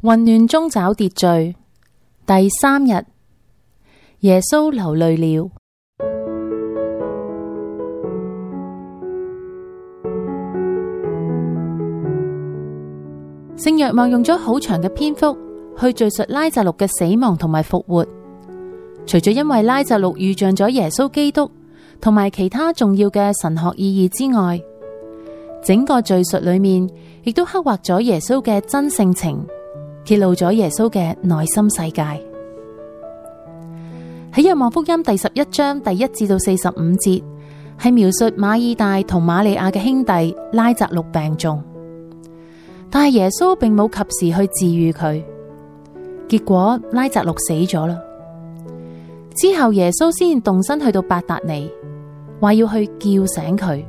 混亂中找秩序。第三日，耶穌流淚了。聖若望用咗好長嘅篇幅去敘述拉匝祿嘅死亡同埋復活，除咗因為拉匝祿預象咗耶穌基督同埋其他重要嘅神學意義之外，整個敘述裏面亦都刻畫咗耶穌嘅真性情。揭露咗耶穌嘅內心世界。喺《若望福音》第十一章第一至到四十五節，係描述馬爾大同馬利亞嘅兄弟拉匝祿病重，但係耶穌並冇及時去治癒佢，結果拉匝祿死咗啦。之後耶穌先動身去到伯達尼，話要去叫醒佢。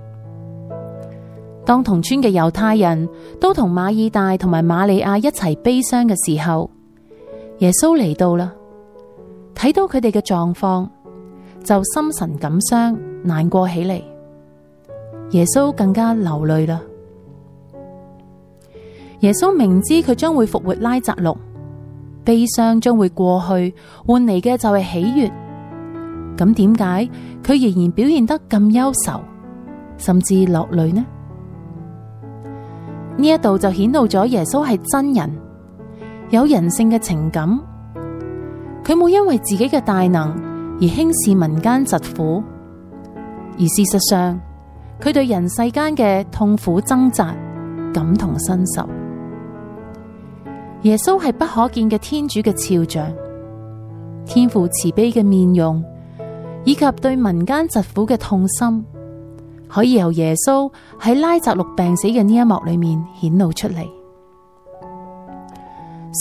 當同村嘅猶太人都同馬爾大同埋瑪利亞一齊悲傷嘅時候，耶穌嚟到啦，睇到佢哋嘅狀況就心神感傷，難過起嚟。耶穌更加流淚啦。耶穌明知佢將會復活拉匝祿，悲傷將會過去，換嚟嘅就係喜悅。咁點解佢仍然表現得咁憂愁，甚至落淚呢？呢一度就顯露咗耶穌係真人，有人性嘅情感，佢冇因為自己嘅大能而輕視民間疾苦，而事實上佢對人世間嘅痛苦掙扎感同身受。耶穌係不可見嘅天主嘅肖像，天父慈悲嘅面容，以及對民間疾苦嘅痛心。可以由耶穌喺拉匝祿病死嘅呢一幕裏面顯露出嚟，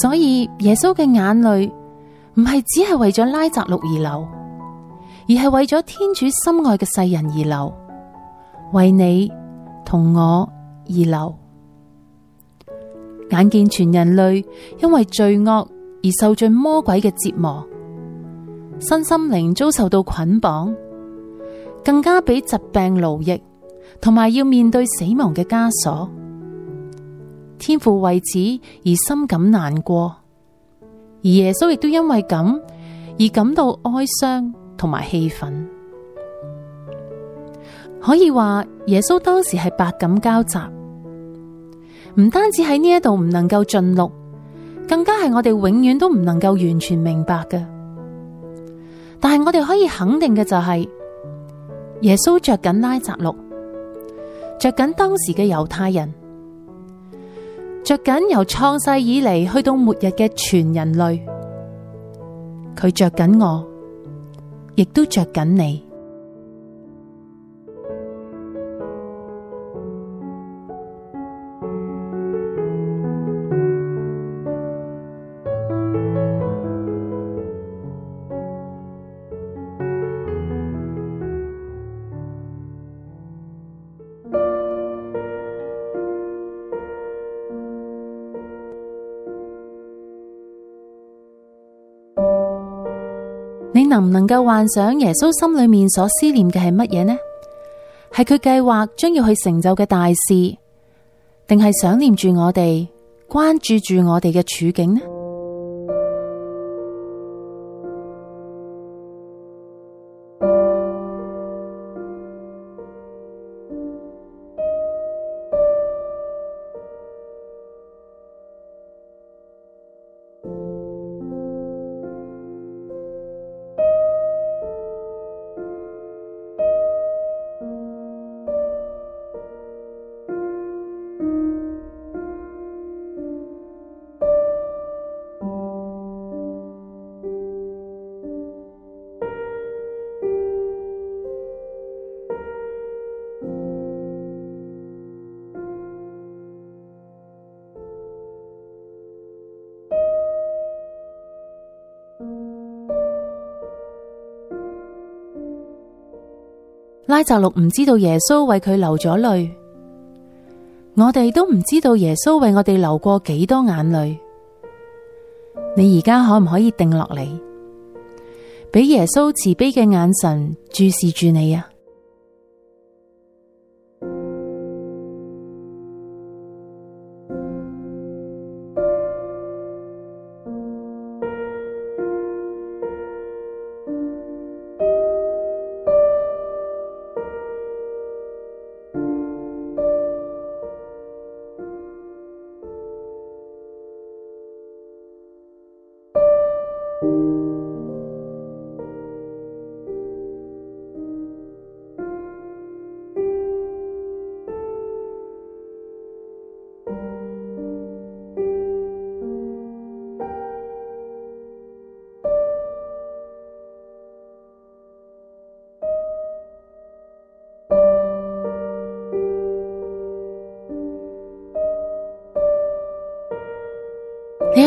所以耶穌嘅眼淚唔係只係為咗拉匝祿而流，而係為咗天主心愛嘅世人而流，為你同我而流。眼見全人類因為罪惡而受盡魔鬼嘅折磨，身心靈遭受到捆綁，更加俾疾病勞役，同埋要面對死亡嘅枷鎖，天父為此而深感難過，而耶穌亦都因為咁而感到哀傷同埋氣憤。可以話耶穌當時係百感交集，唔單止喺呢一度唔能夠盡錄，更加係我哋永遠都唔能夠完全明白嘅。但係我哋可以肯定嘅就係、是。耶穌着緊拉匝祿，着緊當時嘅猶太人，着緊由創世以嚟去到末日嘅全人類，佢着緊我，亦都着緊你。能唔能夠幻想耶穌心裏面所思念嘅係乜嘢呢？係佢計劃將要去成就嘅大事，定係想念住我哋，關注住我哋嘅處境呢？拉匝祿唔知道耶穌為佢流咗淚，我哋都唔知道耶穌為我哋流過幾多眼淚。你而家可唔可以定落嚟，俾耶穌慈悲嘅眼神注視住你啊？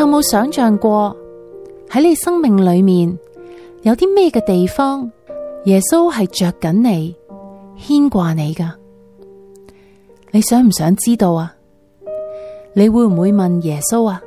有冇想象過，喺你生命裏面有啲咩嘅地方耶穌係着緊你牽掛你噶？你想唔想知道啊？你會唔會問耶穌啊？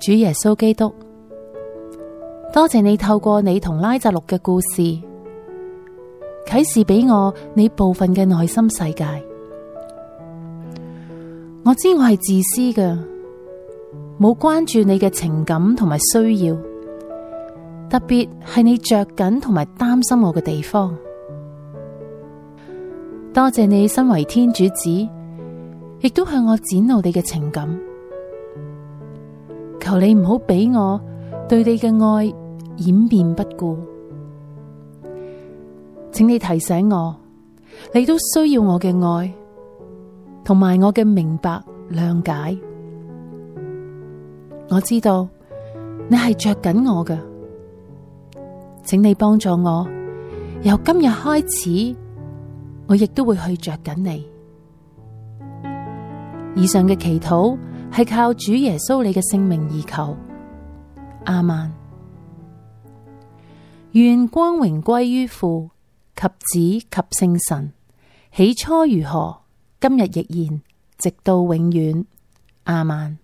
主耶穌基督，多謝你透過你同拉匝祿嘅故事啟示俾我你部分嘅內心世界。我知我係自私嘅，冇關注你嘅情感同埋需要，特別係你着緊同埋擔心我嘅地方。多謝你身為天主子，亦都向我展露你嘅情感。求你唔好俾我對你嘅愛掩面不顧，請你提醒我，你都需要我嘅愛同埋我嘅明白諒解。我知道你係着緊我嘅，請你幫助我，由今日開始，我亦都會去着緊你。以上嘅祈禱，係靠主耶穌你嘅聖名而求，亞孟。願光榮歸於父及子及聖神。起初如何，今日亦然，直到永遠，亞孟。